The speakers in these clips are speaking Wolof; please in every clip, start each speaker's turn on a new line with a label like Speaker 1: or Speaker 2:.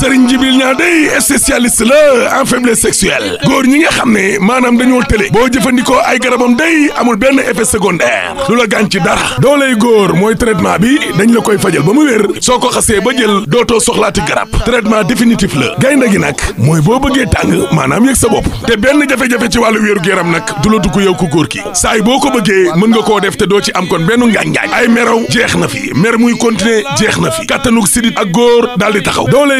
Speaker 1: sëriñ jibil ñaa day spécialiste la en faiblesse sexuelle góor ñi nga xam ne maanaam dañoo télé boo jëfandikoo ay garabam day amul benn effet secondaire du la gaañ ci dara dooley góor mooy traitement bi dañ la koy fajal ba mu wér soo ko xasee ba jël dootoo soxlaati garab traitement définitif la gaynde gi nag mooy boo bëggee tàng maanaam yëg sa bopp te benn jafe-jafe ci wàllu wéeru yaram nag du la dugg yow ku góor ki saay boo ko bëggee mën nga koo def te doo ci am kon benn ngaañ-ngaañ ay meraw jeex na fi mer muy continuer jeex na fi kattanug ak góor daal di taxaw doole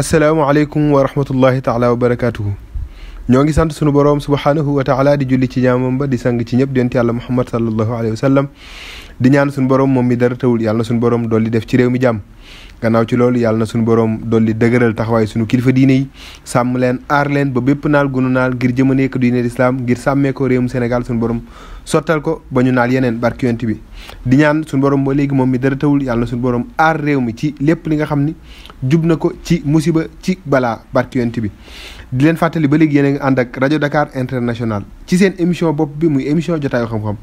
Speaker 2: asalaamaaleykum wa rahmatullahi taala wa barakaatuhu ñoo ngi sant sunu boroom subhaanahu wa taala di julli ci jaamam ba di sang ci ñëpp dent yàlla muhammad sallallahu alayhi wa sallam di ñaan suñu borom moom mi dara tawul yàlla na suñu borom dolli def ci réew mi jàmm gannaaw ci loolu yàlla na suñu borom dolli dëgëral taxawaay suñu kilifa diine yi sàmm leen aar leen ba bépp naal gunu naal ngir jëmale ne diine lislaam ngir sàmmee ko réewum Sénégal suñu borom sottal ko ba ñu naal yeneen barki bi di ñaan suñu borom ba léegi moom mi dara tawul yàlla na suñu borom aar réew mi ci lépp li nga xam ni jub na ko ci musiba ci balaa barki bi di leen fàttali ba léegi yéen ànd ak rajo Dakar international ci seen émission bopp bi muy émission jotaayu xam-xam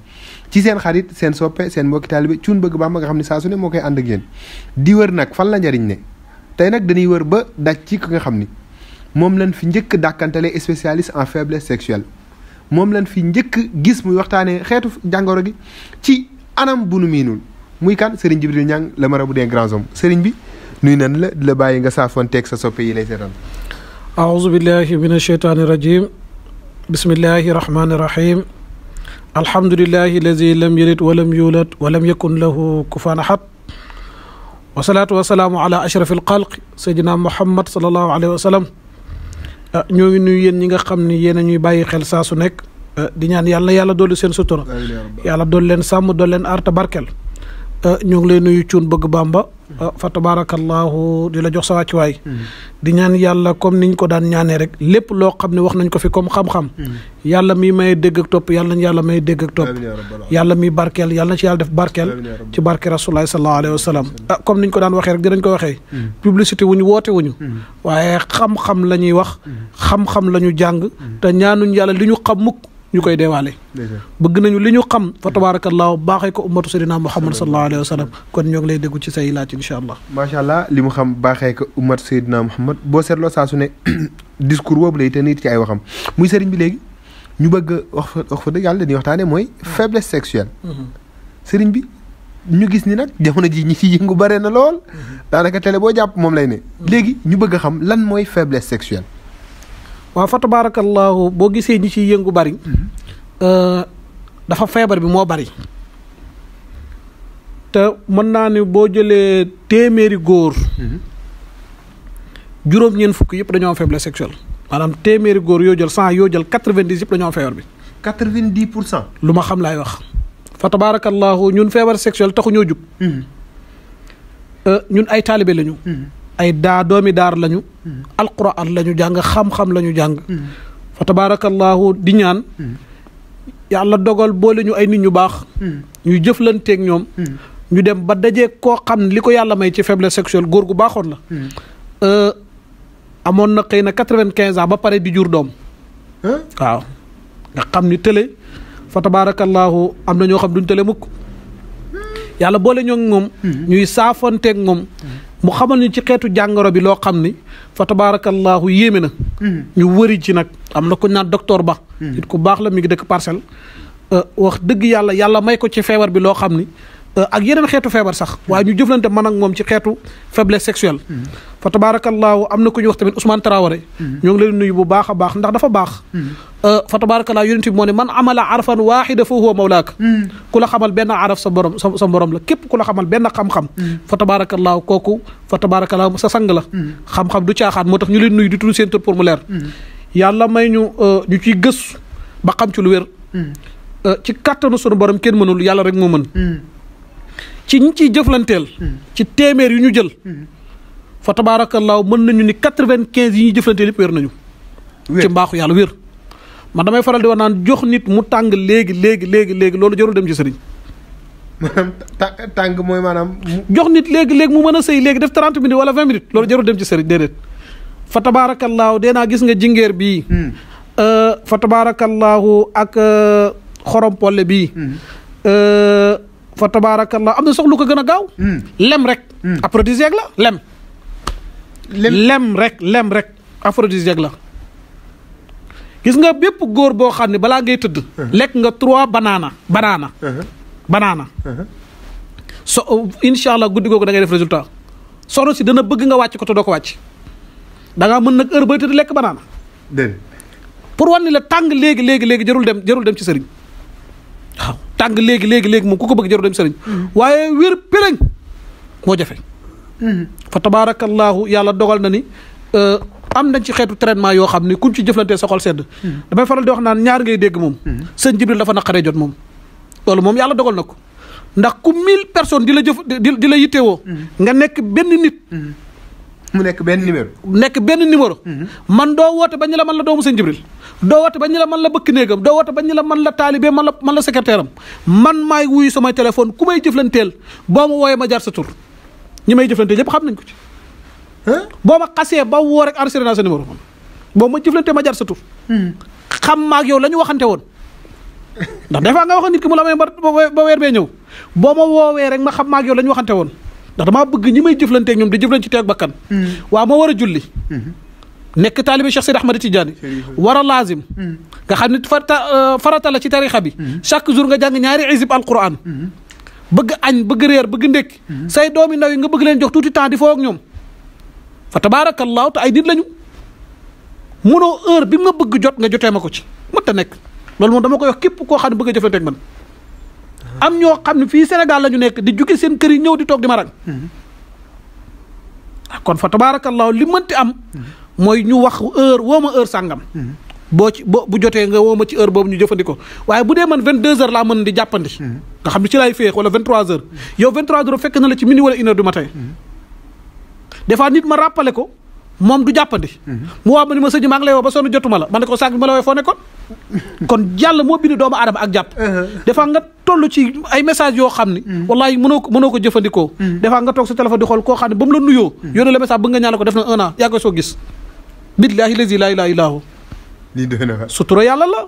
Speaker 2: ci seen xarit seen soppe seen mbokki taalibe cuun bëgg baax ma nga xam ne saa su ne moo koy ànd ak di wër nag fan la njariñ ne tey nag dañuy wër ba daj ci ki nga xam ni moom lan fi njëkk dàkkantale spécialiste en faible sexuelle moom lañ fi njëkk gis muy waxtaanee xeetu jàngoro gi ci anam bu nu miinul muy kan Serigne Djibril Niang le bu des grands hommes Serigne bi nuyu nan la la bàyyi nga saafoon teeg sa soppe yi lay seetaan
Speaker 3: aouzu billahi min a alhamdulillahi alladi lam yalid walam yulad walam yakun lahu kufaan ahad wasalaatu wasalaamu ala ashraf alxalq sayyidina muhammad salallahu alayhi wa sallam ah, ñoo ngi nuyu yéen ñi nga xam ni yéen a ñuy bàyyi xel saa su nekk ah, di ñaan yàlla yàlla dolli seen sutura yàlla dolli leen sàmm dolli leen aar te barkeel Eh, ñoo ngi lay nuyu cuun bëgg bàmba mm. eh, fa tabaarakallaahu di la jox sa waay mm. di ñaan yàlla comme niñ ko daan ñaanee rek lépp loo xam ne wax nañ ko fi comme xam-xam mm. yàlla mi may dégg ak topp yàlla nañ yàlla may dégg ak topp yàlla mi barkeel yàlla na ci yàlla def barkeel ci barke rasulullahi sallallahu alayhi wa sallam ah comme niñ ko daan waxee rek dinañ ko waxee publicité wuñu woote wuñu waaye xam-xam la ñuy wax xam-xam la ñu jàng te ñaanuñ yàlla li ñu xam mukk ñu koy deewaale bëgg nañu li ñu xam fa tabaarakallaahu baaxee ko ummatu sayyidina muhammad sallallahu alayhi wa sallam kon ñoo ngi lay déggu ci say laaj incha allah
Speaker 2: macha allah li mu xam baaxee ko ummatu sayyidina muhammad boo seetloo saa su ne discours boobu lay te nit ci ay waxam muy sëriñ bi léegi ñu bëgg wax fa wax fa dëgg yàlla dañuy waxtaane mooy mm-hmm. faiblesse sexuelle mm-hmm. sëriñ bi ñu gis ni nag jamono ji ñi ci yëngu bare na lool mm-hmm. daanaka télé boo jàpp moom lay ne léegi ñu bëgg xam lan mooy faiblesse sexuelle
Speaker 3: waaw fa tabaarakallaahu boo gisee ñi ciy yëngu bari dafa feebar bi moo bari te mën naa ne boo jëlee téeméeri góor juróom-ñeent fukk yëpp dañoo am faiblesse maanaam téeméeri góor yoo jël cent yoo jël quatre-vingt-dix yëpp dañoo am feebar bi. quatre-vingt-dix pour cent. lu ma xam laay wax. fa tabaarakallaahu ñun feebar sexuelle taxu ñoo jug. Mm-hmm. ñun ay taalibe lañu. Mm-hmm. ay daa doomi daar lañu. alquran lañu jàng xam-xam lañu jàng. fa tabaarakallaahu di ñaan. yàlla dogal boole ñu ay nit ñu baax. ñuy jëflanteeg ñoom. ñu dem ba dajee koo xam li ko yàlla may ci faiblesse sexuelle góor gu baaxoon la. amoon na xëy na quatre-vingt-quinze ans ba pare di jur doom. waaw nga xam ni tële fa tabaarakallaahu am na ñoo xam duñ tële mukk. yàlla boole ñoo ngi moom. Hmm. ñuy saafonteeg moom. Hmm. mu xamal ñu ci xeetu jàngoro bi loo xam ni fa tabaarakallaahu yéeme na. Hmm. ñu wëri ci nag am na ku naan docteur Ba. nit ku baax la mi ngi dëkk parcelle. Euh, wax dëgg yàlla yàlla may ko ci feebar bi loo xam ni. Euh, ak yeneen xeetu feebar sax waaye ñu jëflante man ak moom ci xeetu faiblesse sexuelle hmm. fa tabaarakallaahu am na ku ñu wax tamit Ousmane Traoré hmm. ñoo ngi leen nuyu bu baax a baax ndax dafa baax hmm. euh, fa tabaarakallaahu yonent bi moo man amala arfan waaxida fa huwa mawlaak ku la xamal benn araf sa borom sa sa borom la képp ku la xamal benn xam-xam fa tabaarakallaahu kooku fa tabaarakallaahu sa sang la xam-xam du caaxaan moo tax ñu leen nuyu di tudd seen tur pour mu leer may ñu euh, ñu ciy ba xam ci lu wér ci kàttanu sunu borom kenn mënul yàlla rek moo mën ci ñi ciy jëflanteel. ci téeméer yu ñu jël. fa tabaarakallaahu mën nañu ni quatre-vingt-quinze yi ñuy jëflanteel yëpp wér nañu. ci mbaaxu yàlla wér. man damay faral di wax naan jox nit mu tàng léegi léegi léegi léegi loolu jarul dem ci sëriñ. maanaam tàng mooy maanaam. jox nit léegi léegi mu mën a sëy léegi def trente minutes wala vingt minutes loolu jarul dem ci sëriñ déedéet. fa tabaarakallaahu dee naa gis nga jingeer bii. Hmm. Euh, fa tabaarakallaahu ak euh, xorom polle bii. Hmm. Euh, fa tabaarakallah am na sox lu ko gën a gaaw. Hmm. lem rek. Hmm. aphrodisiaque la lem. lem rek lem rek aphrodisiaque la. gis nga bépp góor boo xam ne balaa ngay tëdd. Hmm. lekk nga trois banaana banaana. banaana. so incha allah guddi googu da ngay def résultat soxna si dana bëgg nga wàcc ko te ko wàcc. da ngaa mën nag heure bay lekk banaana. pour wan ni la tàng léegi léegi léegi jarul dem jarul dem ci sëriñ waaw. tàng léegi léegi léegi moom ku ko bëgg jaru dem sëriñ waaye wér péréñ moo jafe fa tabaarakallaahu yàlla dogal na ni euh, am nañ ci xeetu traitement yoo xam ne kuñ ci jëflantee soxol sedd damay faral di wax naan ñaar ngay dégg moom sëñ Jibril dafa naqaree jot moom loolu moom yàlla dogal na ko ndax ku mille personnes di la jëf di la yittewoo nga nekk benn nit mu nekk benn numéro nekk benn numéro mm-hmm. man doo woote ba ñu la man la doomu sëñ Jibril doo woote ba ñu man la bëkk néegam doo woote ba ñu la man la taalibe man la man la secrétaire am man maay wuyu samay téléphone ku may jëflanteel boo ma wooyee ma jaar ñi may jëflanteel yëpp xam nañ ko ci. boo ma xasee ba woo rek enregistré naa sa numéro boo ma jëflantee ma jaar hmm. xam ma yow la ñu waxante woon. ndax des fois nga wax nit ki mu la may ba weer bee ñëw boo ma woowee rek ma xam ma yow la ñu waxante woon ndax damaa bëgg ñi may jëflanteeg ñoom di jëflante ci teeg bakkan. Hmm. waaw ma war a julli. Hmm. nekk taalibe Cheikh Seydi Ahmad Tidiane war a laazim hmm. nga xam ne euh, farata la ci tarixa bi hmm. chaque jour nga jàng ñaari isib alquran hmm. bëgg añ bëgg réer bëgg ndékki say doomi ndaw yi nga bëgg leen jox tuuti temps di foo ak ñoom fa tabaarakallaahu te ay nit lañu munoo heure bi nga bëgg jot nga jotee ma ko ci mënta nekk loolu moom dama koy wax képp koo xam ne bëgg a jëfanteeg man ah. am ñoo xam ne fii senegal la ñu nekk di jóge seen kër yi ñëw di toog di ma rang ah, kon fa tabaarakallaahu li mënti am mooy ñu wax heure woo ma heure sangam hmm. boo ci boo bu jotee nga woo ma ci heure boobu ñu jëfandikoo waaye bu dee man 22h laa mën di jàppandi. Hmm. nga xam ne ci laay féex wala 23h. Hmm. yow 23h nit ma rappelé ko moom du jàppandi. mu wax ma ni ma sëñ maa ngi lay ba sonn jotuma la ma ne ko sànq bi ma la wooyee foo nekkoon. kon yàlla moo bind doomu aadama ak jàpp. Uh-huh. des fois nga toll ci ay message yoo xam ni. wallaay mënoo ko mënoo ko jëfandikoo. des fois nga toog sa téléphone di xool koo xam ne ba mu ko def na un billaahi lazi laa laa ilaaha illaa hu sutura yàlla la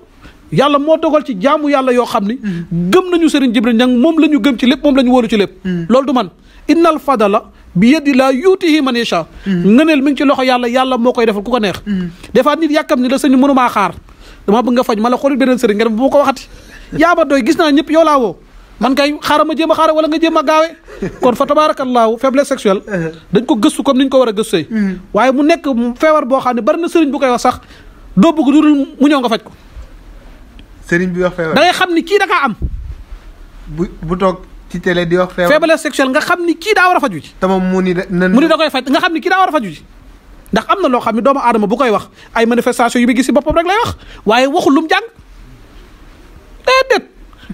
Speaker 3: yàlla moo dogal ci jaamu yàlla yoo xam ni mm-hmm. gëm nañu Serigne Jibril Niang moom la ñu gëm ci lépp moom la ñu wóolu ci lépp mm-hmm. loolu du man innal fadala bi yadi laa yuutihi man yasha mm-hmm. ngëneel mi ngi ci loxo yàlla yàlla moo koy defal ku ko neex des fois yàkkam ni la sëñ mënumaa xaar dama bëgg nga faj ma la xoolil beneen sëriñ nga dem bu ma ko waxati yaa ma doy gis naa ñëpp yow laa man kay xaaral ma jëm a xaaral wala nga jéem a gaawe kon fa tabaarakallaahu faiblesse sexuelle dañ ko gëstu comme ni ñu ko war a gëstee waaye mu nekk feebar boo xam ne bari na sëriñ bu koy wax sax doo bëgg dudul mu ñëw nga faj ko sëriñ bi wax feebar da ngay xam ni kii da kaa am bu bu toog ci télé di wax feebar faiblesse sexuelle nga xam ni kii daa war a ji tamam mu ni mu ni da koy faj nga xam ni kii daa a faju ji ndax am na loo xam ne doomu aadama bu koy wax ay manifestation yu bi gis si boppam rek lay wax waaye waxul lu mu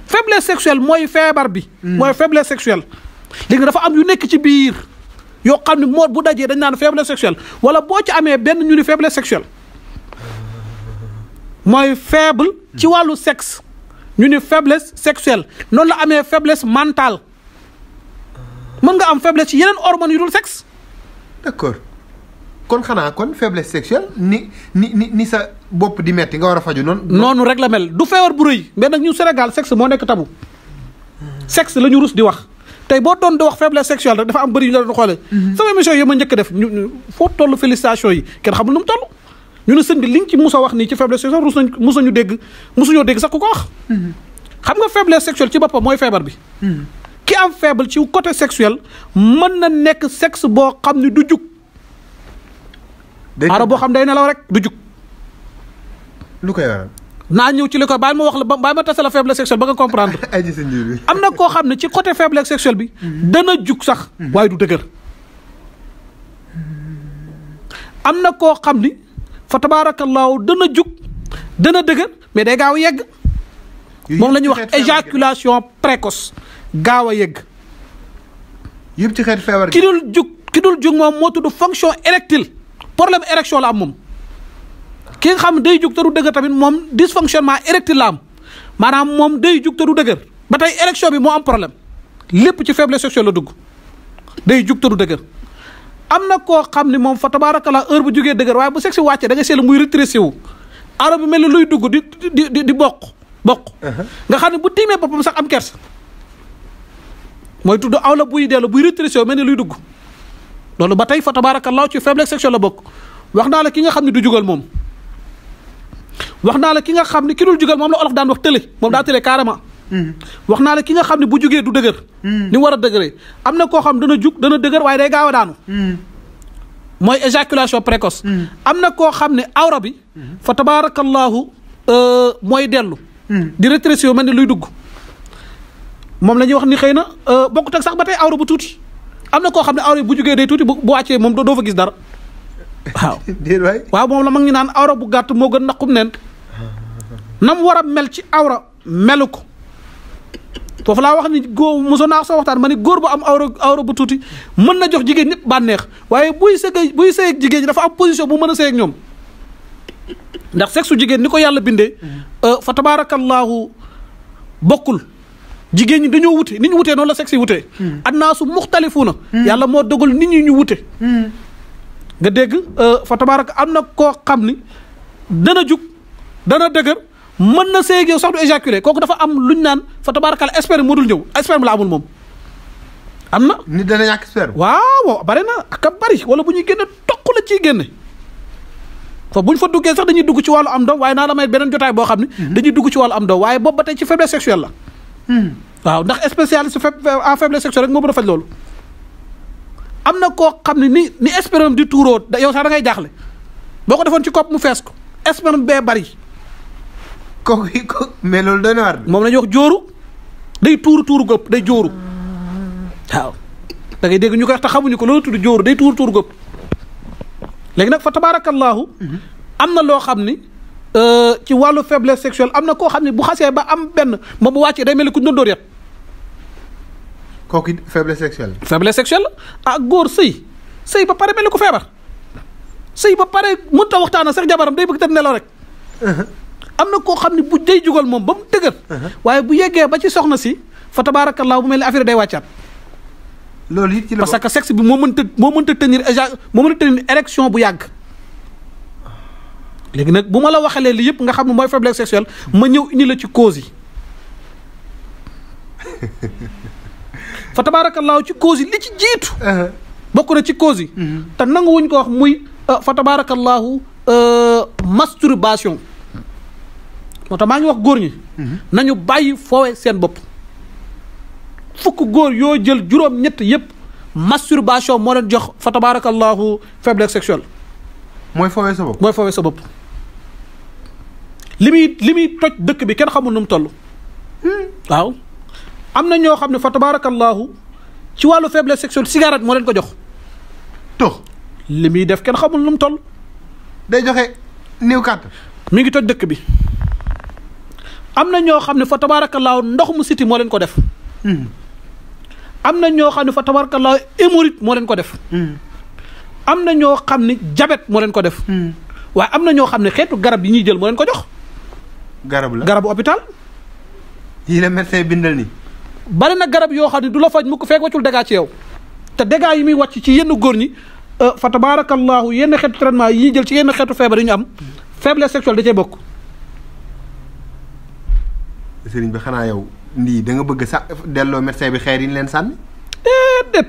Speaker 3: faiblesse sexuelle mooy feebar bi. Hmm. mooy faiblesse sexuelle. nga dafa am yu nekk ci biir yoo xam ne moo bu dajee dañ naan faiblesse sexuelle wala boo ci amee benn ñu ni faiblesse sexuelle mooy faible ci wàllu sex ñu ni faiblesse sexuelle noonu la amee faiblesse mentale mën nga am faiblesse ci yeneen hormones yu dul sexe. kon xanaa kon faiblesse sexuelle ni ni ni ni sa bopp di metti nga war a faju noonu. noonu rek la mel du feebar bu rëy mais nag ñu Sénégal sexe moo nekk tabu. sexe la ñu rus di wax. tey boo doon di wax faiblesse sexuelle rek dafa am bëri yu ñu doon xoolee. Mhm. sama émission yi ma def ñu foo toll félicitation yi kenn mu toll. ñu ne sëñ bi liñ ci mus wax nii ci faiblesse sexuelle rus nañ mus nañu dégg musuñoo dégg sax ku ko wax. Mhm. xam nga faiblesse sexuelle ci boppam mooy feebar bi. Mhm. ki am faible ci côté sexuel mën na nekk sexe boo xam ne du jug. aaro boo xam day nelaw rek du jug. lu naa ñëw ci li koy bàyyi ma wax la ba bàyyi ma tasa la faiblesse sexuelle ba nga comprendre. am na koo xam ne ci côté faiblesse sexuelle bi. Mhm. dana jug sax. Mhm. waaye du dëgër. am na koo xam ni fa tabaarakallaahu dana jug dana dëgër mais day gaaw a yegg. moom la ñuy wax éjaculation précoce gaaw a yegg. yëpp ci feebar ki dul jug ki dul jug moom moo tudd fonction érectile. problème érection la moom ki xam day jug te du dëgër tamit moom dysfonctionnement érectile la am maanaam moom day jug te du dëgër ba tey érection bi moo am problème lépp ci faiblesse sexuelle la dugg day jug te du dëgër. am na koo xam ne moom foto fa tabaarakala heure bu jugee dëgër waaye bu sexe wàccee da nga seetlu muy rétrécé wu ara bi mel ni luy dugg di di di boq bokk uh-huh. nga xam ne bu tiimee boppam sax am kersa mooy tudd aw la buy dellu buy rétrécé wu mel ni luy dugg. loolu ba tey fa tabaarakallaahu ci faible section la bokk wax naa la ki nga xam ne du jugal moom wax naa la ki nga xam ne ki dul jugal moom la olof daan wax tële moom daa tële carrément mm-hmm. wax naa la ki nga xam ne bu jugee du dëgër mm-hmm. ni war a dëgëree am na koo xam dana jug dana dëgër waaye day gaaw a daanu mm-hmm. mooy précoce am na koo xam ne awra bi fa tabaarakallaahu euh, mooy dellu di rétrécir mel ni luy dugg moom la ñuy wax ni xëy na euh, bokkut ak sax ba tey awra bu tuuti am na koo xam ne awra bu jugee day tuuti bu wàccee moom doo fa gis dara waaw. la mag ñu naan awra bu gàtt moo gën naqum neen nam war a mel ci awra melu ko foofu laa wax ni góor naa soo waxtaan ma ni góor bu am awra awra bu tuuti mën na jox jigéen ñëpp bànneex waaye buy sëgg buy sëyeeg jigéen ñi dafa am position mën a sëyeeg ñoom ndax sexe su jigéen ni ko yàlla bindee mm. euh, fa tabaarakallaahu bokkul jigéen ñi dañoo wute ni ñu wutee noonu la sexe yi wutee hmm. annaasu muxtalifuuna hmm. yàlla moo dogal nit ñi ñu wute hmm. nga dégg euh, fa tabaaraka am na koo xam ni dana jug dana dëgër mën na seeg yow sax du kooku dafa am luñ naan fa tabaarakal sperme moo dul ñëw sperme la amul moom am na nit dana ñàkk sperme waaw bare na ak a bari wala bu ñuy génne toq la ciy génne fa bu ñu fa duggee sax dañuy dugg ci wàllu am doom waaye naa la may beneen jotaay boo xam ne dañu dugg ci wàllu am doom waaye boobu ba tey ci faiblesse sexuelle la waaw ndax spécialiste en faiblesse sexuelle rek moo mën a faj loolu am na koo xam ne ni ni sperme di tuuroo da yow sax da ngay jaaxle boo ko defoon ci kopp mu fees ko sperme bee bari. kooku mais na war moom la wax jooru day tuur tuur gëpp day jooru waaw da ngay dégg ñu ko wax xamuñu ko loolu tudd jooru day tuur tuuru gëpp léegi nag fa tabaarakallaahu am na loo xam ni euh, ci wàllu faiblesse sexuelle am na koo xam ne bu xasee ba am benn moom bu wàccee day mel ni ku ñu yet
Speaker 2: kooku it faiblesse sexuelle
Speaker 3: la. faiblesse la ah góor sëy sëy ba pare mel ni ko feebar sëy ba pare mënut a waxtaan ak sax jabaram day bëgg tëdd nelaw rek. Uh-huh. am na koo xam ne bu day jugal moom ba mu dëgër. Uh-huh. waaye bu yeggee ba ci soxna si fa tabaarakallaa bu mel ni affaire day wàccaat. loolu it ci la parce que sexe bi moo mënta moo mënta tenir éja moo mënta tenir érection bu yàgg. léegi nag bu ma la waxalee li yëpp nga xam ne mooy faiblesse sexuelle ma ñëw indi la ci cause yi. fa tabaarakallaahu ci cause yi li ci jiitu. bokk na ci cause yi. Mhm. te wuñ ko wax muy euh, fa tabaarakallaahu euh, masturbation. moo tax maa ngi wax góor ñi. Mhm. nañu bàyyi foowe seen bopp. fukk góor yoo jël juróom-ñett yépp masturbation moo leen jox fa tabaarakallaahu faiblesse sexuelle. mooy foowe sa mooy foowe sa bopp. li muy li muy toj dëkk bi kenn xamul nu mu toll. Hmm. waaw. am na ñoo xam ne fa tabaarakallaahu ci wàllu faiblesse sexuelle cigarette moo leen ko jox. tox li muy def kenn xamul nu mu toll. day joxe néew kàtt. mi ngi toj dëkk bi am na ñoo xam ne fa tabaarakallaahu ndox mu siti moo leen ko def. Hmm. am na ñoo xam ne fa tabaarakallaahu hémorroïde moo leen ko def. Hmm. na ñoo xam ne jabet moo leen ko def. Hmm. waaye am na ñoo xam ne xeetu garab yi ñuy jël moo leen ko jox. garab la garabu hôpital. yii la médecin bindal ni bari na garab yoo xam ne du la faj mu ko fekk waccul dégâts ci yow te dégâts yi muy wàcc ci yenn góor ñi euh, fa tabaarakallaahu yenn xeetu traitement yi jël ci yenn xeetu feebar yi ñu am faiblesse sexuelle da cay bokk.
Speaker 2: sëriñ bi xanaa yow nii da nga bëgg sax delloo médecin bi xeer leen sànni. déedéet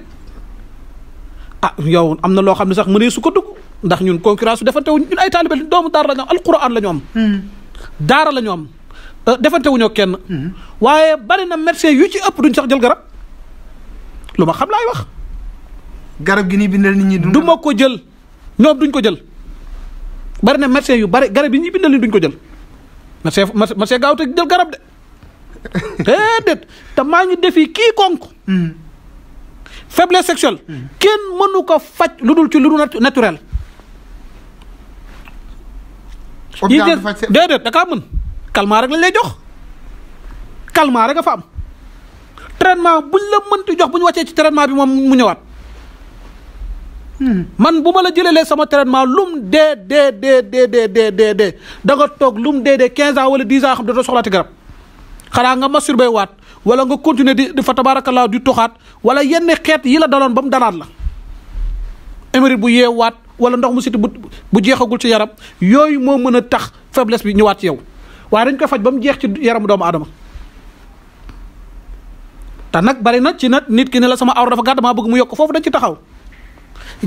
Speaker 3: ah yow am na loo xam ne sax mënee su ko dugg ndax ñun concurrence su defante wu ñun ay taalibe doomu daara la ñu am alquran la ñu am. Hmm. daara la ñu am. Euh, defante wuñoo kenn. Hmm. waaye bari na médecin yu ci ëpp duñ sax jël garab lu ma xam laay wax. garab gi ni bindal nit ñi du ma ko jël ñoom duñ ko jël. bari na médecin yu bari garab yi ñuy bindal duñ ko jël médecin médecin gaaw te jël garab de déedéet te maa defi kii konk hmm. faiblesse sexuelle hmm. kenn mënu ko faj lu dul ci lu dul naturel yi déedéet da kaa mën calmant rek lañ lay jox calmant rek a fa am traitement bu la mënti jox bu ñu wàccee ci traitement bi moom mu ñëwaat. man bu ma la jëlee jëlelee sama traitement lum dee dee dee dee dee dee dee da nga toog lum dee dee quinze ans wala dix ans xam ne doo soxlaati garab xanaa nga masturbé waat wala nga continuer di di fa tabaarakallaa di toxaat wala yenn xeet yi la daloon ba mu dalaat la émérite bu yeewaat wala ndox mu siti bu bu jeexagul ci yaram yooyu moo mën a tax faiblesse bi ñëwaat ci yow waa dañ koy faj ba mu jeex ci yaramu doomu adama te nag bari na ci nag nit ki ne la sama awra dafa gàtt maa bëgg mu yokk foofu da ci taxaw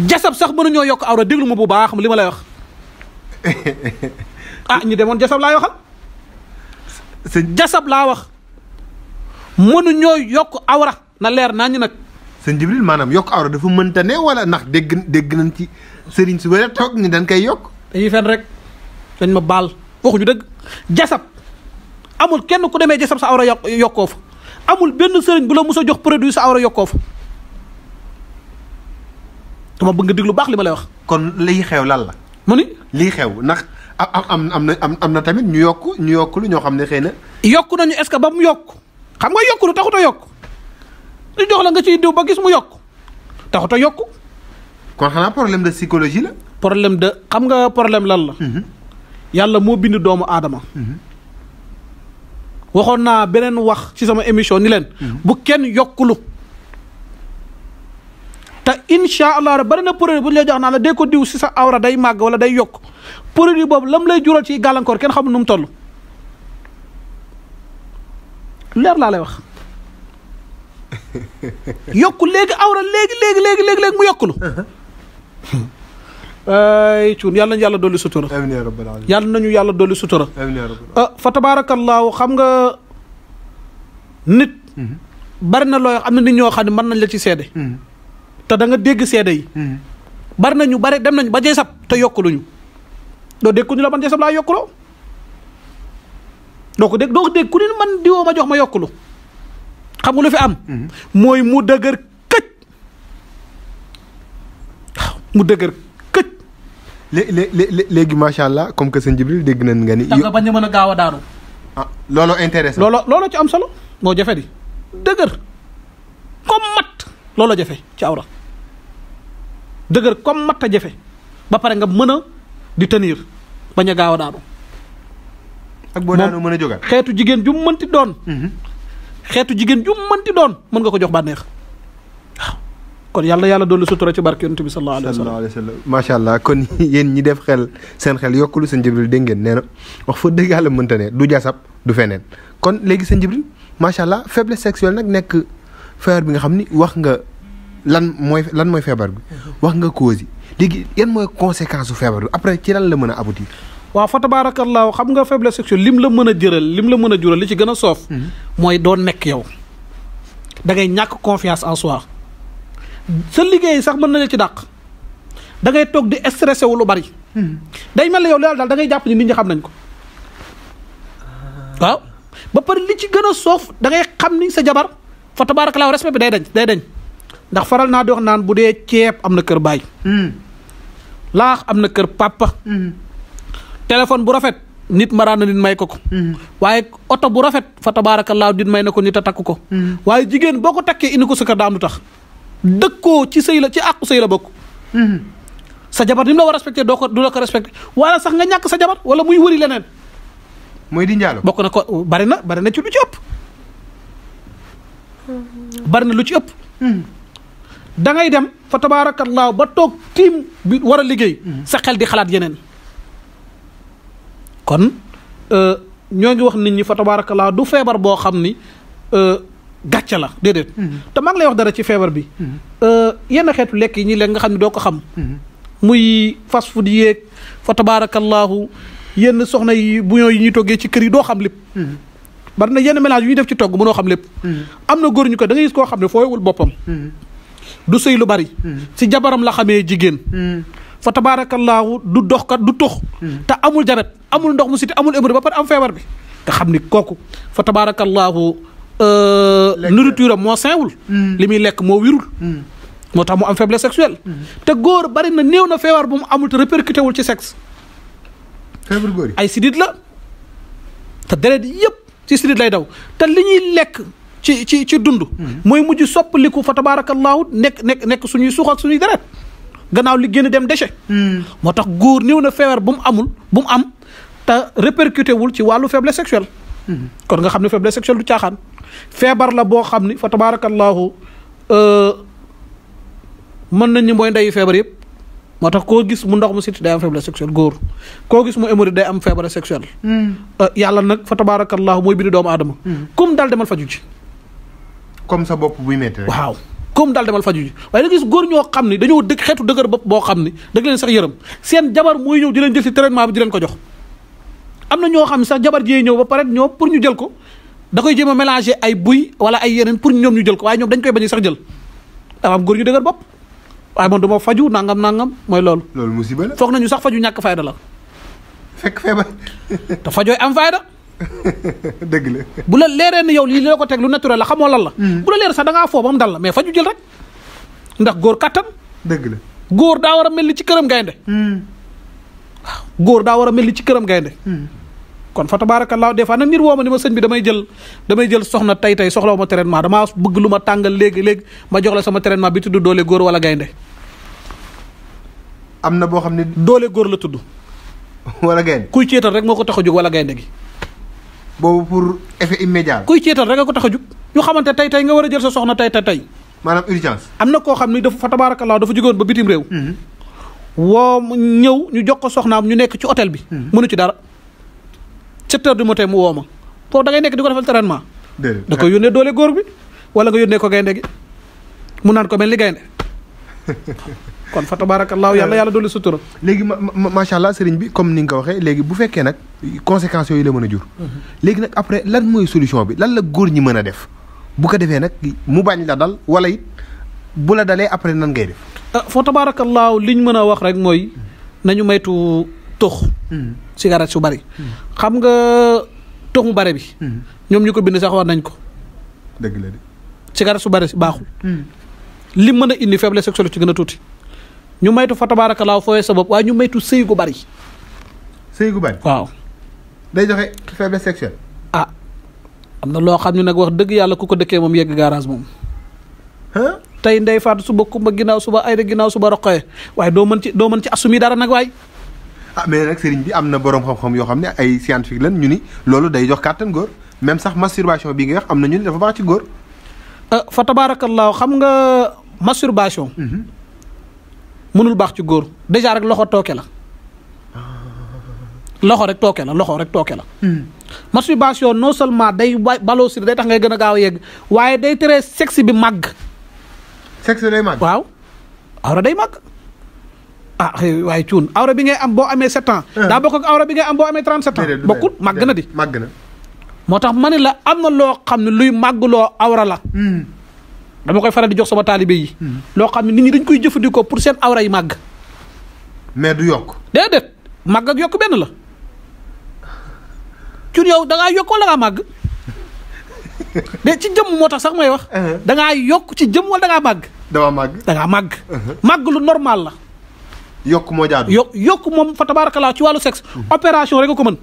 Speaker 3: jasab sax mënuñoo yokk awra déglu ma bu baax li ma lay wax ah ñu demoon jasab laay waxal jasab laa wax mënuñoo yokk awra na leer naa ñu nag sëñ Jibril maanaam
Speaker 2: yokk awra dafa mënta ne wala nax dégg dégg nañ ci sëriñ su wér a toog ni dañ koy yokk dañuy
Speaker 3: fen rek dañ ma baal waxuñu dëgg jasab amul kenn ku demee jasab sa awra yokkoo fa amul benn sëriñ bu la a jox produit sa awra yokkoo fa dama bëgg nga déglu baax li ma lay wax. kon liy xew lal la. mu ni lii
Speaker 2: xew ndax am am na am na tamit ñu yokk ñu yokk lu ñoo xam ne xëy na. yokk nañu est-ce
Speaker 3: que ba mu yokk xam nga yokk taxut a yokk li jox la nga ci diw ba gis mu yokk taxut a yokk. kon xanaa problème de psychologie la. problème de xam nga problème lan la. Mhm. yàlla moo bind doomu aadama waxoon naa beneen wax ci sama émission ni leen bu kenn yokkulu te insha allah rek bari na produit bu ñu lay naa la dee ko diw si sa awra day màgg wala day yokk produit boobu lam lay jural ci gàllankoor kenn xamul nu mu toll leer laa lay wax yokk léegi awra léegi léegi léegi léegi mu yokkulu ay cuun yàlla nañu yàlla dolli sutura yàlla nañu yàlla dolli sutura ah, fa tabaarakallaahu xam nga nit mhm. bari na looy am na nit ñoo xam ne mën nañ la ci seede mhm. te da nga dégg seede yi mhm. na ñu bari dem nañ ba jeesab te yokkuluñu doo dégg ku ñu la man jeesab laa yokkuloo doo ko dégg doo ko dégg ku ne man diwoo ma jox ma yokkulu xam nga lu fi am mooy mu dëgër këj mu dëgër léegi léegi
Speaker 2: macha comme que sëñ Jibril dégg nañ nga ni. tax
Speaker 3: bañ a mën a gaaw a daanu. ah looloo intéressant. looloo ci am solo moo jafe di dëgër comme mat looloo jafe ci awra dëgër comme mat a jafe ba pare nga mën a di tenir bañ a gaaw a daanu. ak boo daanu mën a jógaat xeetu jigéen ju mënti doon. Mhm. xeetu jigéen ju mënti doon mën nga ko jox bànneex kon yàlla yàlla dolli sutura ci barke yonent bi sallallahu alayhi wa sallam
Speaker 2: macha allah kon yéen ñi def xel seen xel yokkulu seen jibril dégg ngeen nee na wax fa dëgg yàlla mënta ne du jasab du feneen kon léegi seen jibril macha allah faiblesse sexuelle nag nekk feebar bi nga xam ni wax nga lan mooy lan mooy feebar bi wax nga cause yi léegi yan mooy conséquence su feebar bi après ci lan la mën
Speaker 3: a aboutir waaw fa tabaarakallaahu xam nga faiblesse sexuelle lim la mën a jëral lim la mën a jural li ci gën a soof mhm. mooy doo nekk yow da ngay ñàkk confiance en soi sa liggéey sax mën na la ci dàq da ngay toog di stressé wu lu bari. Hmm. day mel ne yow daal da ngay jàpp ni nit ñi xam nañ ko waaw. ba pare li ci gën a soof da ngay xam ni sa jabar fa tabaarakallaahu respect bi day dañ day dañ ndax faral naa di wax naan bu dee ceeb am na kër baay. Hmm. laax am na kër papa. Hmm. téléphone bu rafet nit maraan na nit may ko ko. waaye oto bu rafet fa tabaarakallaahu nit may na ko nit a takk ko. waaye jigéen boo ko takkee indi ko sa kër daa am tax. dëkkoo ci sëy la ci àqu sëy la bokk. Mm-hmm. sa jabar ni la war a respecté doo ko du la ko respecté wala sax nga ñàkk sa jabar wala muy wëri leneen. mooy di njaalo bokk na ko bari na bari ci lu ci ëpp. Mm-hmm. bari na lu ci ëpp. Mm-hmm. da ngay dem fa tabaarakallaahu ba toog tiim war a liggéey. sa xel di xalaat yeneen. kon euh, ñoo ngi wax nit ñi fa tabaarakallaahu du feebar boo xam ni. Euh, gàcce la déedéet. Mm-hmm. te maa ngi lay wax dara ci feebar bi. Mm-hmm. Euh, yenn xeetu lekk yi ñuy lekk nga xam ne doo ko xam. Mm-hmm. muy fast food yeeg fa tabaarakallaahu yenn soxna yi bouillon yi ñuy toggee ci kër yi doo xam lépp. bari na yenn mélange yu def ci togg mënoo xam lépp. am na góor ñu ko da ngay koo xam ne fooyewul boppam. du sëy lu bari. ci jabaram la xamee jigéen. fa tabaarakallaahu du dox kat du tox. te amul jabet amul ndox mu siti amul émeri ba pare am feebar bi. nga xam ni kooku fa tabaarakallaahu Euh, nourriture am moo seewul hmm. li muy lekk moo wirul hmm. moo tax mu am faiblesse sexuelle hmm. te góor bari na néew na feebar bu mu amul te répercuté wul ci sexe feebar ay sidit la te deret yëpp ci sidit lay daw te li lekk ci ci ci dund mooy mujj soppaliku fa tabaarakallaahu nekk nekk nekk suñuy suux ak suñuy deret gannaaw li génn dem déchet moo tax góor néew na feebar bu mu amul bu mu am te répercuté wul ci wàllu faiblesse sexuelle kon nga xam ne faiblesse sexuelle du caaxaan feebar la boo xam ni fa tabaarakallaahu euh, mën nañ ni mooy ndeyu feebar yëpp moo tax koo gis mu ndox mu siti day am faiblesse góor koo gis mu day am feebar sexuelle hmm. euh, yàlla nag fa tabaarakallaahu mooy bind doomu aadama hmm. kom daal demal faju ji comme sa bopp buy métti rek waaw kom daal demal faju ji waaye da gis góor ñoo xam ni dañoo dëgg xeetu dëgër bopp boo xam ni dëgg leen sax yërëm seen jabar mooy ñëw di leen jël si traitement bi di ko jox am na ñoo xam sax jabar jiyee ñëw ba pare ñoo pour ñu jël ko da koy jéem a mélanger ay buy wala ay yeneen pour ñoom ñu jël ko waaye ñoom dañ koy bañ sax jël dafa am góor ñu dëgër bopp waaye man du ma faju nangam nangam mooy loolu. loolu musiba la foog nañu sax faju ñàkk fayda la. fekk feebar. te fajooy am fayda. dëgg la. bu la leeree ni yow lii la ko teg lu naturel la xamoo lan la. Hmm. bu la leer sax da ngaa dal la mais faju jël rek ndax góor kattan. dëgg la góor daa war a mel ni ci këram gaynde. Hmm. góor daa war a mel ni ci këram gaynde. Hmm. kon fa tabaarakallaahu des fois nag nit woo ma ni ma bi damay jël damay jël soxna tey tey soxlaw ma traitement damaa bëgg lu ma tàngal léegi léegi ma jox la sama traitement bi tudd doole góor wala na boo xam ne. doole góor la tudd. wala gaynde kuy ceetal rek moo ko tax a jóg wala gaynde gi. boobu pour effet immédiat. kuy ceetal rek a ko tax a jóg ñu xamante tey tey nga war a jël sa soxna tey tey tey. maanaam urgence. am na koo xam ni dafa fa tabaarakallaahu dafa jógewoon ba bitim réew. Mm-hmm. woo ñëw ñu jox ko soxnaam ñu nekk ci hôtel bi. Mm-hmm. mënu ci dara. sept heures du matin mu woo ma kooku da nekk di ko defal da ko yónnee doole góor bi wala nga yónnee ko gaynde gi mu naan ko mel ni gaynde kon fa tabaarakallaahu
Speaker 2: yàlla yàlla dolli sutura. léegi ma macha allah sëriñ bi comme ni nga ko waxee léegi bu fekkee nag conséquences yooyu la mën a jur. Mhm. léegi nag après lan mooy solution bi lan
Speaker 3: la góor ñi mën a def bu ko defee nag mu bañ la dal wala it bu la dalee après nan ngay def. Ah, fa tabaarakallaahu liñ mën a wax rek mooy nañu maytu. tux hmm. cigarette su bari hmm. xam nga tux mu bari bi hmm. ñoom ñu ko bind sax war nañ ko dëgg la de cigarette su bari baaxul li mën a indi faiblesse sexuelle ci gën a tuuti ñu maytu fa tabaarakallaa fooyee sa bopp waaye ñu maytu sëy gu bari sëy gu bari waaw day joxe faiblesse sexuelle ah, na loo xam ne nag wax dëgg yàlla ku ko dëkkee moom yegg garage moom tey ndey faatu suba kumba ginnaaw suba ayda ginnaaw suba roqoye waaye doo mën ci doo mën ci assumi dara nag waay ah mais rek
Speaker 2: sëriñ bi am na borom xam-xam yoo xam ne ay scientifique lan ñu ni loolu day jox kàttan góor même sax masturbation
Speaker 3: bi nga wax am na ñu ni dafa baax ci góor. Euh, fa tabaarakallaahu xam nga masturbation. Mhm. mënul baax ci góor déjà rek loxo tooke la. Ah. loxo rek tooke la loxo rek tooke la. Hmm. masturbation non seulement day baloo si day tax ngay gën a gaaw a yegg waaye day tere sexe bi màgg. sexe day màgg waaw awra day màgg. ah waaye cuun awra bi ngay am boo amee sept ans ah. daa bokk ak bi ngay am boo amee trente sept ans bokkul màgg na di màgg na moo tax ma ne la am na loo xam ne luy màggloo awra la hmm. dama koy faral di jox sama taalibe yi hmm. loo xam ne nit ñi dañ koy jëfandikoo pour seen awra yi du yokk déedéet màgg ak yokk benn la cuun yow da ngaa yokk wala ngaa màgg de ci jëmm moo tax sax may wax uh-huh. da ngaa yokk ci jëmm wala màgg dama màgg da ngaa màgg uh-huh. màgg lu normal la yokk moo jaadu yokk yokk moom fa ci wàllu sexe. Mm-hmm. opération rek nga ko mën.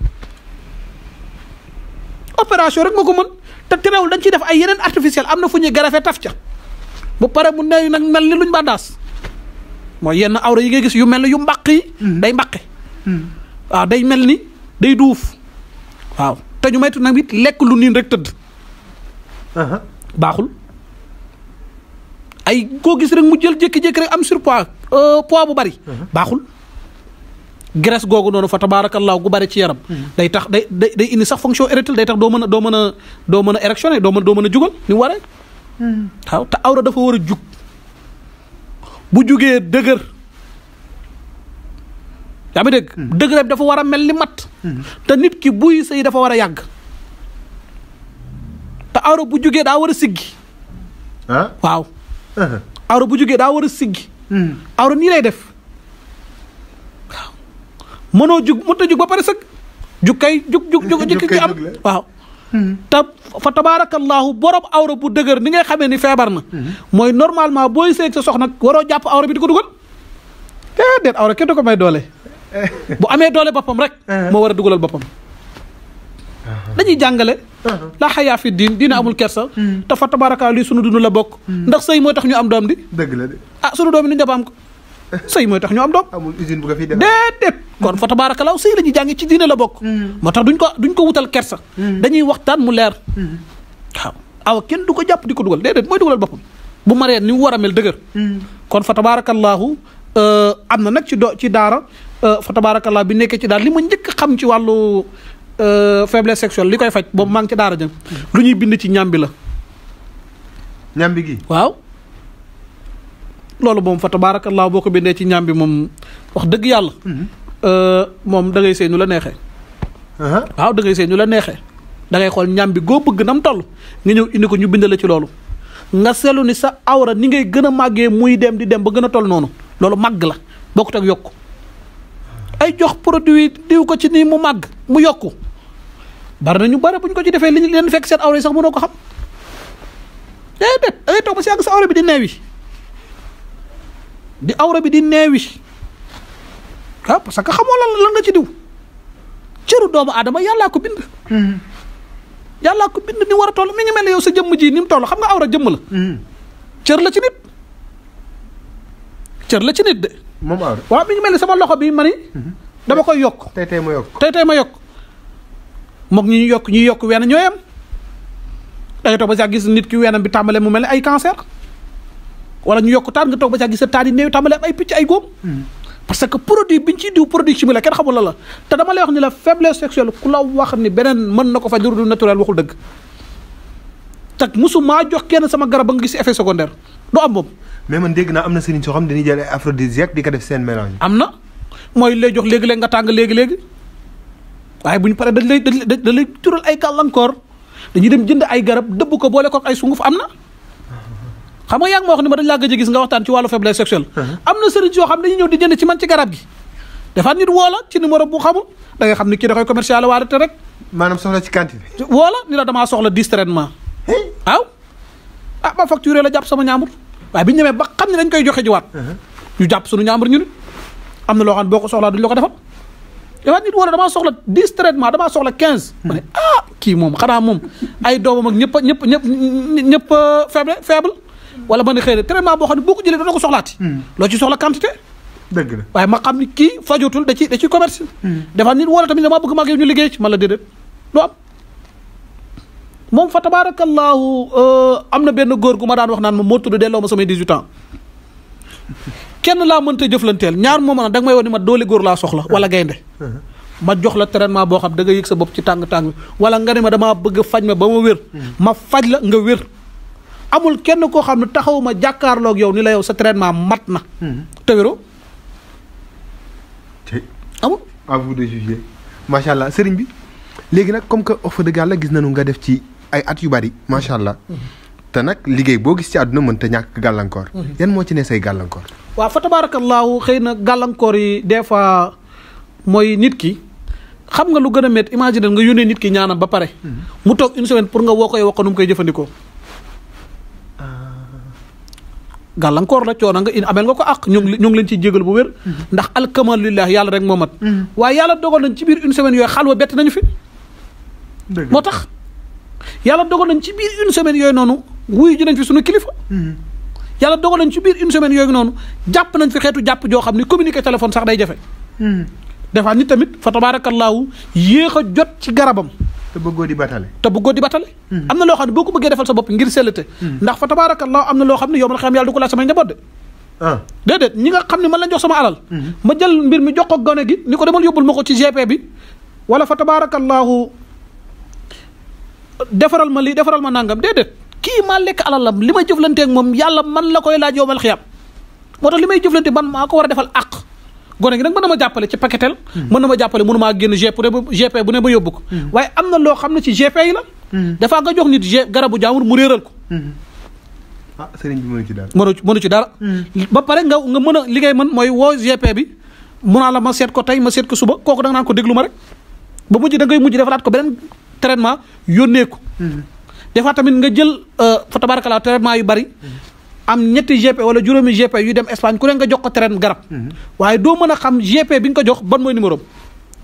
Speaker 3: opération rek nga ko mën te terewul dañ ciy def ay yeneen artificiel am na fu ñuy garafe taf ca bu pare mu ne nag mel ni luñ bàndaas mooy yenn awra yi ngay gis yu mel ni yu mbaq mm-hmm. day mbaqe. Mm-hmm. waaw day mel ni day duuf waaw te ñu maytu nag it lekk lu niin rek tëdd. Uh-huh. baaxul. ay koo gis rek mu jël jékki-jékki rek am surpoids euh, poids bu bari mhm. baaxul graisse googu noonu fa tabaarakallaahu gu bari ci yaram mhm. day tax day day indi sax fonction érectile day tax doo mën a doo mën a doo mën a érectionné doo mën doo mën a jugal ni mu waree
Speaker 4: mhm.
Speaker 3: awra dafa war a jug bu jugee dëgër yaa ngi dégg dëgër dafa war a mel ni mat te nit ki buy sëy dafa war a yàgg te awra bu jugee daa war a siggi waaw awra bu jógee daa war a siggi awra nii lay def waaw mënoo jug mënut a jug ba pare sëg jug kay jug jug jug ci am waaw te fa tabaarakallaahu borom awra bu dëgër ni ngay xamee ni feebar na mooy normalement booy seeg sa soxna waroo jàpp awra bi di ko dugal déedéet awra kenn du ko may doole bu amee doole boppam rek moo war a dugalal boppam dañuy jàngale uh-huh. la xayaa fi diin a amul kersa mm. te fa tabaraka lii sunu dund la bokk mm. ndax sëy mooy tax ñu am doom di dëgg la de ah sunu doom yi nu ñëpp am ko tax ñu am doom amul usine bu ko fi def déedéet kon fa tabaraka laaw sëy la ñuy jàngi ci diine la bokk mm. moo tax duñ ko duñ ko wutal kersa dañuy waxtaan mu leer waaw awa kenn du ko jàpp di ko dugal déedéet mooy dugalal boppam bu maree ni mu war a mel dëgër kon fa tabarakallaahu euh, am na nag ci do ci daara euh, fa tabarakallaahu bi nekkee ci daara li ma njëkk xam ci wàllu Euh, faiblesse sexuelle li koy faj boobu maa ngi daara jëm lu ñuy bind ci ñambi la. ñàmbi gi waaw. loolu moom fa tabaarakallaa boo ko bindee ci ñambi moom wax dëgg yàlla. Mm-hmm. Euh, moom dangay ngay sëy nu la neexe uh-huh. waaw da ngay sëy nu la neexee. dangay xool ñàmbi goo bëgg nam toll nga ñëw indi ko ñu bindale ci loolu. nga seetlu ni sa awra ni ngay gën a màggee muy dem di dem ba gën a toll noonu loolu màgg la bokkut ak yokk ay jox produit diw ko ci nii mu màgg mu yokku bari na ñu bari bu ñu ko ci defee li ñu leen fekk seen awra sax mënoo ko xam déedéet da sa awra bi di neewi di awra bi di neewi ah parce que xamoo lan lan nga ci diw cëru doomu adama yàlla ko bind. Hmm. yàllaa ko bind ni war a toll mi ngi mel ne yow sa jëmm ji ni mu toll xam nga awra jëmm la. Hmm. cër la ci nit cër la ci nit de. moom awra waaw mi ngi mel ne sama loxo bi ma hmm. dama koy yokk. tey ma yokk tey tey ma yokk. moog ñu yokk ñu yokk ween ñoo yem da nga toog ba sax gis nit ki weenam bi tàmbalee mu mel ne ay cancer wala ñu yokk taat nga toog ba sax gis sa taat yi néew ay picc ay góom. Hmm. parce que produit bi ñu ciy diw produit chimique la kenn xamul la la te dama lay wax ni la faiblesse sexuelle ku la wax ni beneen mën na ko fa faj lu naturel waxul dëgg. te musu maa jox kenn sama garab ba nga gis effet secondaire du am moom. mais man dégg naa am na sëriñ soo xam dañuy jël ay aphrodisiaque di ko def seen mélange. am na mooy lay jox léegi-léegi nga tàng léegi-léegi. waaye bu ñu paree dañ lay dañ lay tural ay gàllankoor dañuy dem jënd ay garab dëbb ko boole ko ay sunguf am na. xam nga yaa ngi ma wax ni ma dañ gis nga waxtaan ci wàllu faiblesse sexuelle. Uh-huh. am na sëriñ yoo xam dañuy ñëw di jënd ci man ci garab gi. dafa numéro bu xamul da xam ni kii da koy commercial waale te rek. maanaam soxla ci quantité. woola ni la damaa soxla dix traitement. waaw ah ma facturé la jàpp sama ñaambur waaye bi ñu demee xam ne dañ koy joxe jiwaat. Uh-huh. ñu jàpp suñu ñaambur ñu nit am na loo xam ne boo ko soxlaa duñ la ko defal yow nit war dama damaa soxla dix traitement damaa soxla quinze. ma ne ah kii moom xanaa moom ay doomam ak ñëpp a ñëpp ñëpp ñëpp faible faible. wala man xëy na traitement boo xam ne boo ko jëlee doo ko soxlaati. Hmm. loo ci soxla quantité. waaye ma xam ni kii fajotul da ci da ci commerce. Hmm. dafa nit wala tamit damaa bëgg maa ngi ñu liggéey ci man la déedéet du am. moom fa tabaarakallaahu euh, am na benn góor gu ma daan wax naan ma moo tudd delloo ma samay 18 ans. kenn laa mënta jëflanteel ñaar moo a da nga may wax ni ma doole góor laa soxla wala gaynde ma jox la traitement boo xam da nga yëg sa bopp ci tàng-tàng wala nga ne ma damaa bëgg faj ma ba ma wér ma faj la nga wér amul kenn koo xam ne taxawuma jàkkaarloog yow ni la yow sa traitement mat na te wéroo amul
Speaker 2: à vous allah sëriñ bi léegi nag comme que offre de gàlla gis nañu nga def ci ay at yu bari macha allah te nag liggéey boo gis ci àdduna mën ta ñàkk gàllankoor mhm. yan moo ci ne say gàllankoor
Speaker 3: waaw fa tabaarakallaahu xëy na gàllankoor yi des fois mooy nit ki xam nga lu gën a métti imaginer nga yónnee nit ki ñaanam ba pare mhm. mu toog une semaine pour nga woo koy wax ko koy jëfandikoo ah. gàllankoor la coono nga in amel nga ko ak ñu ngi ñu ngi leen ciy jégal bu wér mhm. ndax alkamal lillah yàlla rek moo mat waaye yàlla dogal nañ ci biir une semaine yooyu xalwa bett nañu fi moo tax yàlla dogal nañ ci biir yooyu noonu wuy ji nañ fi suñu kilifa. Hmm. yàlla dogal nañ ci biir une semaine yooyu noonu jàpp nañ fi xeetu jàpp joo xam ni communiquer téléphone sax day jafe. Hmm. des fois nit tamit fa tabaarakallaahu yéex a jot ci garabam. te bëggoo di batale. te bëggoo di batale. Hmm. am na loo xam ne boo ko bëggee defal sa bopp ngir sellate. ndax fa tabaarakallaahu am na loo xam ne yow man xam yàlla du ko laaj samay njaboot de. ah déedéet ñi nga xam ne man lañ jox sama ma jël mbir mi jox ko gone gi ni ko demal yóbbul ma ko ci GP bi. wala fa tabaarakallaahu defaral ma lii defaral ma nangam déedéet. kii ma lekk alalam li may jëflanteeg moom yàlla man la koy laaj yowmal xiyam moo tax li may jëflante man maa ko war a defal àq gone gi nag mën na ma jàppale ci paquetel hmm. mën na ma jàppale mënu maa génn gp gp bu ne ba yóbbu ko hmm. waaye am na loo xam ne ci gp yi la hmm. dafaa nga jox nit garabu jaamur mu réeral ko
Speaker 2: ah sëriñ bi mënu ci dara
Speaker 3: mënu mënu ci dara ba pare nga nga mën a li ngay mooy woo gp bi mun naa la ma seet ko tey ma seet ko suba kooku da naa ko déglu ma rek ba mujj da ngay mujj defalaat ko beneen traitement yónnee ko defaa tamit nga jël euh, fa tabarakallah traitement yu bari am ñetti GP wala juróomi GP yuy dem Espagne ku ne nga jox ko traite garab mhm. waaye doo mën a xam GP bi nga ko jox ban mooy numéro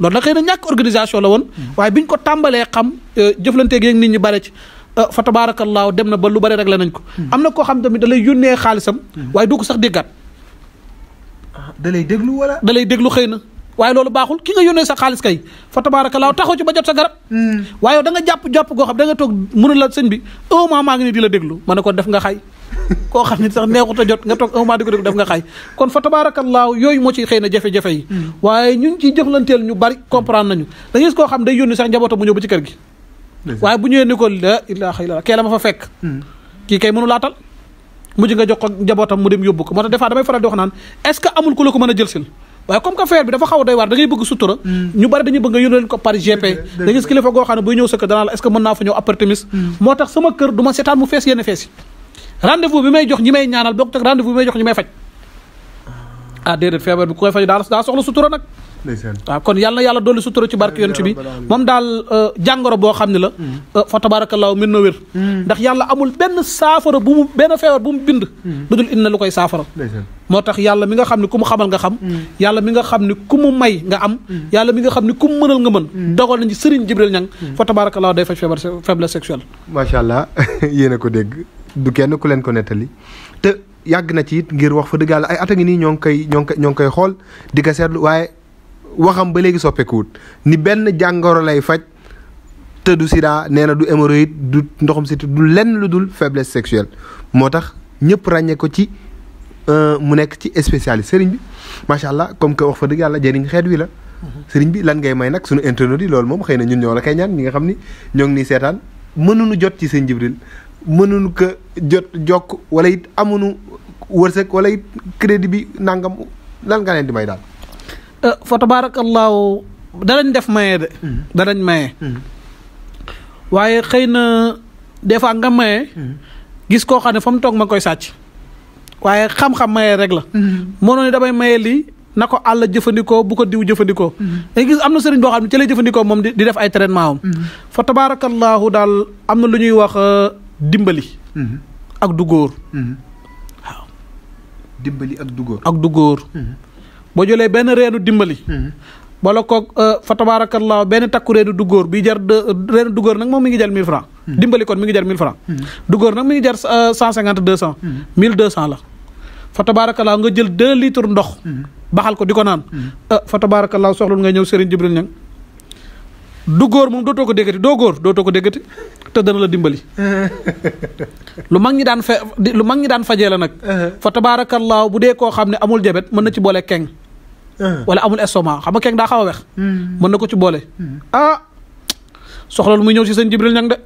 Speaker 3: loolu nag xëy na ñàkk organisation la woon mhm. waaye biñ ko tàmbalee xam euh, jëflanteeg yéen nit ñi bare ci euh, fa tabaarakallaahu dem na ba lu bare rek la nañ ko mhm. am na koo xam tamit da lay yónnee xaalisam waaye du ko sax déggaat ah, da lay déglu wala da lay déglu xëy na waaye loolu baaxul ki nga yónnee sa xaalis kay fa tabaarakallaa taxaw ci ba jot sa garab hmm. waaye da nga jàpp jàpp goo xam da nga toog mënu la sëñ bi un mois maa ngi di la déglu ma ne ko def nga xay koo xam ne sax neexut a jot nga toog un mois di ko déglu def nga xay kon fa tabaarakallaa yooyu moo ciy xëy na jafe-jafe yi hmm. waaye ñun ciy jëflanteel ñu bari comprendre nañu da ngay gis koo xam day yónni sax njabootam mu ñëw ba ci kër gi waaye bu ñëwee ni ko la ilaha illallah kee la ma fa fekk hmm. kii kay mënu laatal mujj nga jox ko njabootam mu dem yóbbu ko moo tax des fois damay faral la ko mën a jëlsil waaye comme que affaire bi dafa xaw a doy waar da ngay bëgg sutura mm. ñu bari dañuy bëgg nga yónnee leen ko par GP da kilifa goo ne buy ñëw sa danaa la est mën naa fa ñëw appartement mm. moo tax sama kër du ma mu fees yenn fees yi bi may jox ñi may ñaanal bokk tak rendez bi may jox ñi may faj ah déedéet feebar bi ku koy faju daa daa soxla sutura nag waaw ah, kon yàlla yàlla doole sutura ci barke yonent bi moom daal euh, jàngoro boo xam ne la hmm. euh, fa tabaarakallaahu min na wér hmm. ndax yàlla amul benn saafara bu mu benn feebar bu mu bind hmm. lu dul indi na lu koy saafara moo tax yàlla mi nga xam ne ku mu xamal nga xam yàlla mi nga xam ne ku mu may nga am yàlla mi nga xam ne ku mu mënal nga mën dogal nañu Serigne Jibril Ñang fa tabaarakallaahu day faj feebar faiblesse sexuelle
Speaker 2: macha allah yéen ko dégg du ku leen ko nettali yàgg na ci it ngir wax fa dëgg yàlla ay at a ngi nii ñoo ngi koy ñoo ngi koy ñoo ngi xool di ko seetlu waaye waxam ba léegi soppeekut ni benn jàngoro lay faj te du sida nee na du hémorroïde du ndoxum siti du lenn lu dul faiblesse sexuelle moo tax ñëpp ràññee ko ci euh, mu nekk ci spécialiste sëriñ bi macha allah comme que wax fa dëgg yàlla jëriñ xeet wi la. Mhm. sëriñ bi lan ngay may nag suñu internet yi loolu moom xëy na ñun ñoo la koy ñaan ñi nga xam ni ñoo ngi nii seetaan mënuñu jot ci sëñ Jibril mënuñu ko jot jokk wala it amuñu. wërsëg wala it
Speaker 3: crédit bi nangam lan nga leen di may daal. Eh, fa tabaarakallaahu danañ def maye de. Mm-hmm. danañ maye. Mm-hmm. waaye xëy na des fois nga maye. Mm-hmm. gis koo xam ne fa toog ma koy sàcc. waaye xam-xam maye rek la. mënoo ne damay maye lii na ko àll jëfandikoo bu ko diw jëfandikoo. dañu gis am na sëriñ boo xam ne ci jëfandikoo moom di def ay traitement am. fa tabaarakallaahu daal am na lu ñuy wax eh, dimbali. ak du dimbali ak dugóor ak dugóor mm-hmm. boo jëlee benn reenu dimbali wala mm-hmm. ko euh, fa tabaarakallaahu benn takku reenu dugóor bi jar euh, reenu dugóor nag moom mi ngi jar mille francs mm-hmm. dimbali kon mi ngi jar mille francs dugóor nag mi ngi jar euh, cent cinquante deux cent mille deux cent la fa tabaarakallaahu nga jël deux litres ndox baxal ko di ko naan fa tabaarakallaahu soxlul nga ñëw Serigne Jibril Niang du góor moom dootoo ko déggati doo góor dootoo ko déggati te dana la dimbali. lu mag ñi daan fe lu mag ñi daan fajee la nag. Uh-huh. fa tabaarakallaahu bu dee koo xam ne amul jabet mën na ci boole keng.
Speaker 4: Uh-huh.
Speaker 3: wala amul estomac xam nga keng daa xaw a wex. Hmm. mën na ko ci boole. Hmm. ah soxla lu muy ñëw si sëñ Jibril ñang de.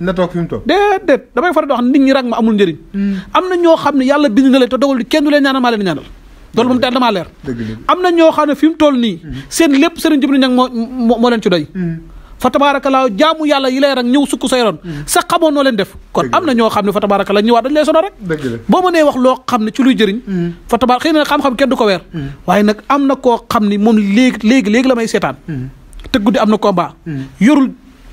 Speaker 3: na toog fi mu toog déedéet damay faral di wax nit ñi rek ma amul njëriñ. Hmm. am na ñoo xam ne yàlla bind na leen te dogal kenn du leen ñaanal maa leen ñaanal. loolu moom daal damaa leer am na ñoo xam ne fi mu toll nii seen lépp sëriñ Jibril Ñaŋ moo moo leen ci doy mm. fa tabaarakallaa jaamu yàlla yi lay rek ñëw sukk say ron mm. sax xamoon noo leen def kon am na ñoo xam ne fa tabaarakallaa ñëwaat dañ lay sono rek boo mënee wax loo xam ne ci luy jëriñ mm. fa tabaar xëy na xam-xam du ko weer waaye nag am na koo xam ni moom léegi léegi léegi la may seetaan te guddi am na combat yorul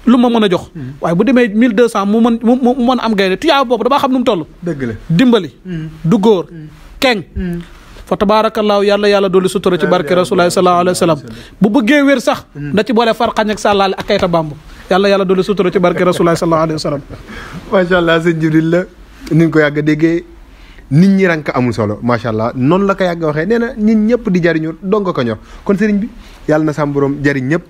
Speaker 3: lu ma mën a jox waaye bu demee mille deux cent mu mën mu mën a am gaynde tuyaa boobu damaa xam nu mu toll dimbali du góor keng fa tabaarakallaahu yàlla yàlla doolu sutura ci barke rasulullaahi sallallaahu alayhi wa sallam bu bëggee wér sax da ci boole farxañ ak sàllaali ak kayta bamb yàlla yàlla doolu sutura ci barke rasulullaahi sallallaahu alayhi wa sallam
Speaker 2: macha allah sëñ Jibril la ni ko yàgg déggee nit ñi rank amul solo macha allah noonu la ko yàgg waxee nee na nit ñëpp di jariñu dong ko ñor kon sëriñ bi yàlla na sam borom jariñ ñëpp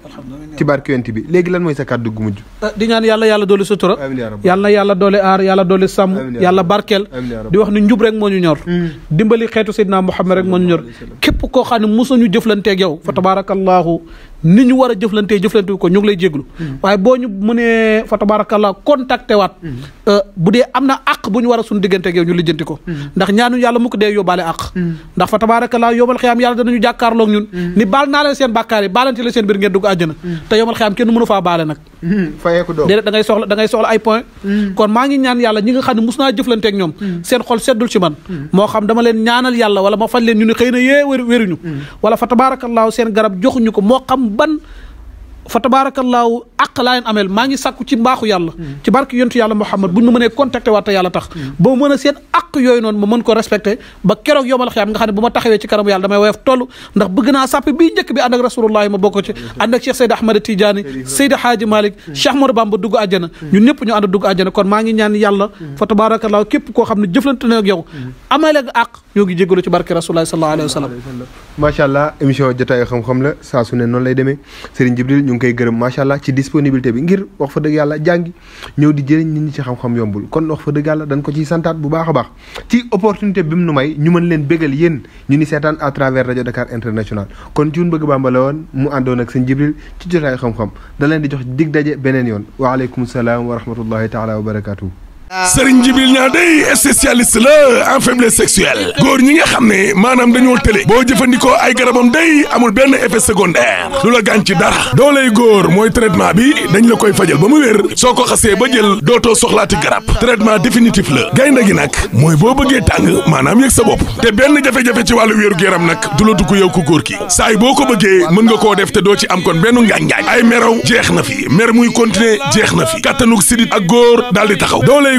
Speaker 2: ci barke yonent bi léegi lan mooy sa kàddu gu mujj
Speaker 3: ah, di ñaan yàlla yàlla doole sutura yàlla na yàlla doole aar yàlla doole sàmm yàlla barkeel di wax ni njub rek moo ñu ñor hmm. dimbali xeetu Seydina Muhammad rek moo ñu ñor képp koo xam ne mosuñu jëflanteeg yow fa tabarakallahu ni ñu war a jëflantee jëflante ko ñu ngi lay jéglu mm-hmm. waaye boo ñu mënee fa tabarakallah contacté waat mm-hmm. euh, bu dee am na àq bu ñu war a suñu diggante ak yow ko mm-hmm. ndax ñaanu yàlla mukk dee yóbbaale àq ndax fa tabarakallah yoomal xiyaam yàlla danañu jàkkaarloog ñun ni baal naa la da ngay soxla da maa ngi ñaan yàlla ñi nga xam ne mus naa jëflante ak ñoom seen xol seddul ci moo xam dama leen ñaanal yàlla wala ma faj leen ñu ni xëy na yee wéruñu wala fa tabarakallah seen garab jox joxuñu ko moo xam man ban fa tabaarakallaahu àq laa leen ameel maa ngi sàkku ci mbaaxu yàlla mm. ci barke yontu yàlla Muhammad buñ ma mënee contacté waat te yàlla tax mm. ba mën a seen àq yooyu noonu ma mën ko respecté ba keroog yomal xiyaam nga xam ne bu ma taxawee ci kanamu yàlla damay woyof toll ndax bëgg naa sàpp bii njëkk bi ànd ak rasulullahi ma bokk ci mm. ànd ak Cheikh Seydi a Tidiane Seydi Haaji Malick Cheikh Ahmadou Bamba dugg àjjana ñun ñëpp ñu ànd dugg àjjana kon maa ngi ñaan yàlla fa tabaarakallaahu képp koo xam ne jëflante na ak yow amale ñoo ngi jégalu ci barke rasulullah sallallahu alayhi wa sallam
Speaker 2: macha allah émission jotaayu xam-xam la saa su ne noonu lay demee Serigne Jibril ñu ngi koy gërëm macha allah ci disponibilité bi ngir wax fa dëgg yàlla jàngi ñëw di jëriñ ñu ñi ci xam-xam yombul kon wax fa dëgg yàlla dañ ko ciy santaat bu baax a baax ci opportunité bi mu nu may ñu mën leen bégal yéen ñu ni seetaan à travers rajo Dakar international kon ci un bëgg Bàmba la woon mu àndoon ak Serigne Jibril ci jotaayu xam-xam da leen di jox dig daje beneen yoon waaleykum salaam wa rahmatullahi taala wa barakatuh
Speaker 1: Serigne Djibril Niang day spécialiste la en faiblesse sexuelle góor ñi nga xam ne maanaam dañoo tële boo jëfandikoo ay garabam day amul benn effet secondaire du la gaañ ci dara dooley góor mooy traitement bi dañu la koy fajal ba mu wér soo ko xasee ba jël dootoo soxlaati garab traitement définitif la gaynde gi nag mooy boo bëggee tàng maanaam yëg sa bopp te benn jafe-jafe ci wàllu wéeru yaram nak du la dugg yow ku góor ki saay boo ko bëggee mën nga koo def te doo ci am kon benn ngaañ-ngaañ ay meraw jeex na fi mer muy continuer jeex na fi kattanug ak góor daal di taxaw dooley